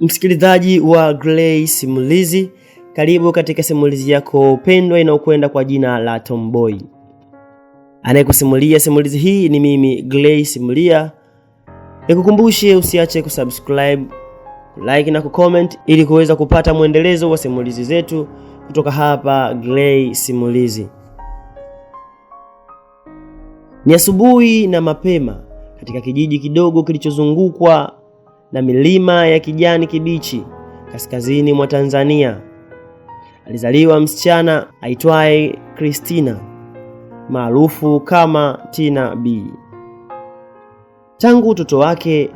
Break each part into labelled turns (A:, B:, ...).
A: Msikilizaji wa Gray Simulizi, karibu katika simulizi yako pendwa inayokwenda kwa jina la Tomboy. Anayekusimulia simulizi hii ni mimi Gray Simulia. Nikukumbushe usiache kusubscribe, like na kucomment ili kuweza kupata mwendelezo wa simulizi zetu kutoka hapa Gray Simulizi. Ni asubuhi na mapema katika kijiji kidogo kilichozungukwa na milima ya kijani kibichi kaskazini mwa Tanzania. Alizaliwa msichana aitwaye Christina maarufu kama Tina B. Tangu utoto wake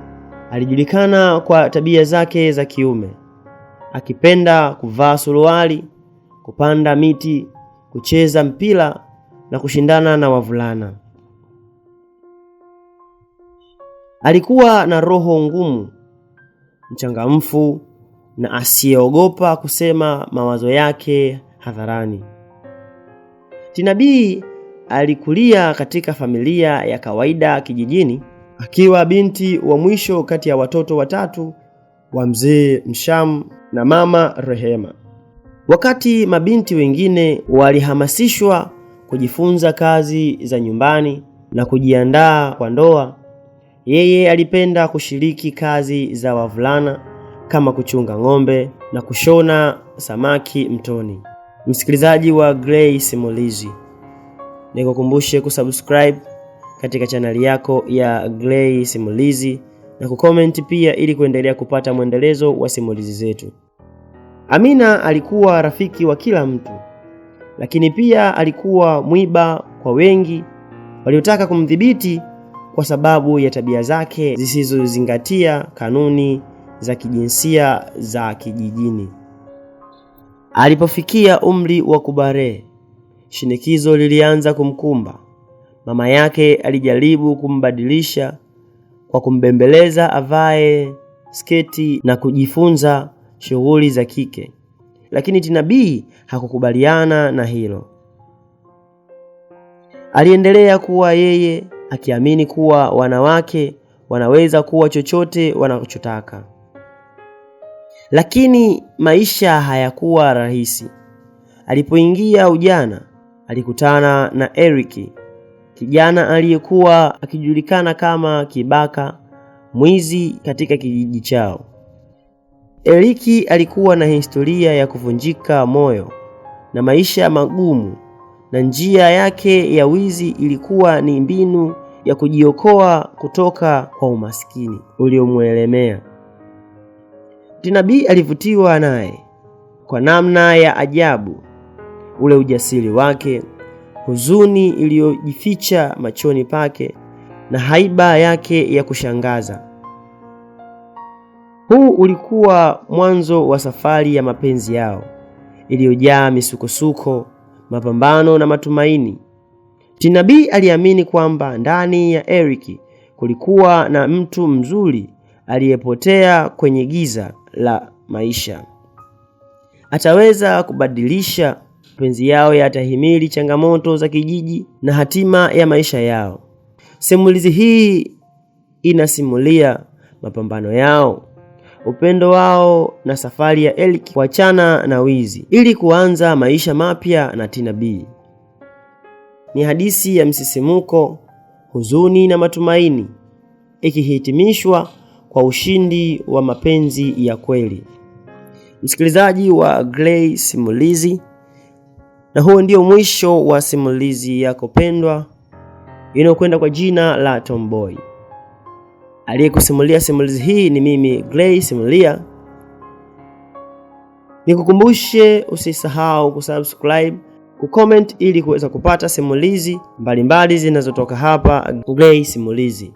A: alijulikana kwa tabia zake za kiume, akipenda kuvaa suruali, kupanda miti, kucheza mpira na kushindana na wavulana. Alikuwa na roho ngumu mchangamfu na asiyeogopa kusema mawazo yake hadharani. Tinabii alikulia katika familia ya kawaida kijijini, akiwa binti wa mwisho kati ya watoto watatu wa mzee Msham na mama Rehema. Wakati mabinti wengine walihamasishwa kujifunza kazi za nyumbani na kujiandaa kwa ndoa, yeye alipenda kushiriki kazi za wavulana kama kuchunga ng'ombe na kushona samaki mtoni. Msikilizaji wa Gray Simulizi, nikukumbushe kusubscribe katika chaneli yako ya Gray Simulizi na kukomenti pia, ili kuendelea kupata mwendelezo wa simulizi zetu. Amina alikuwa rafiki wa kila mtu, lakini pia alikuwa mwiba kwa wengi waliotaka kumdhibiti kwa sababu ya tabia zake zisizozingatia kanuni za kijinsia za kijijini. Alipofikia umri wa kubare, shinikizo lilianza kumkumba. Mama yake alijaribu kumbadilisha kwa kumbembeleza avae sketi na kujifunza shughuli za kike, lakini Tinabii hakukubaliana na hilo. Aliendelea kuwa yeye akiamini kuwa wanawake wanaweza kuwa chochote wanachotaka. Lakini maisha hayakuwa rahisi. Alipoingia ujana, alikutana na Eric, kijana aliyekuwa akijulikana kama kibaka, mwizi katika kijiji chao. Eric alikuwa na historia ya kuvunjika moyo na maisha magumu na njia yake ya wizi ilikuwa ni mbinu ya kujiokoa kutoka kwa umaskini uliomwelemea. Tinabii alivutiwa naye kwa namna ya ajabu, ule ujasiri wake, huzuni iliyojificha machoni pake na haiba yake ya kushangaza. Huu ulikuwa mwanzo wa safari ya mapenzi yao iliyojaa misukosuko mapambano na matumaini. Tinabii aliamini kwamba ndani ya Eric kulikuwa na mtu mzuri aliyepotea kwenye giza la maisha. Ataweza kubadilisha penzi yao, yatahimili changamoto za kijiji na hatima ya maisha yao. Simulizi hii inasimulia mapambano yao upendo wao na safari ya Elki kuachana na wizi ili kuanza maisha mapya na Tina B. Ni hadithi ya msisimuko, huzuni na matumaini ikihitimishwa kwa ushindi wa mapenzi ya kweli. Msikilizaji wa Gray Simulizi, na huo ndio mwisho wa simulizi yako pendwa inayokwenda kwa jina la Tomboy. Aliyekusimulia simulizi hii ni mimi Gray Simulia. Nikukumbushe usisahau kusubscribe, kucomment ili kuweza kupata simulizi mbalimbali zinazotoka hapa Gray Simulizi.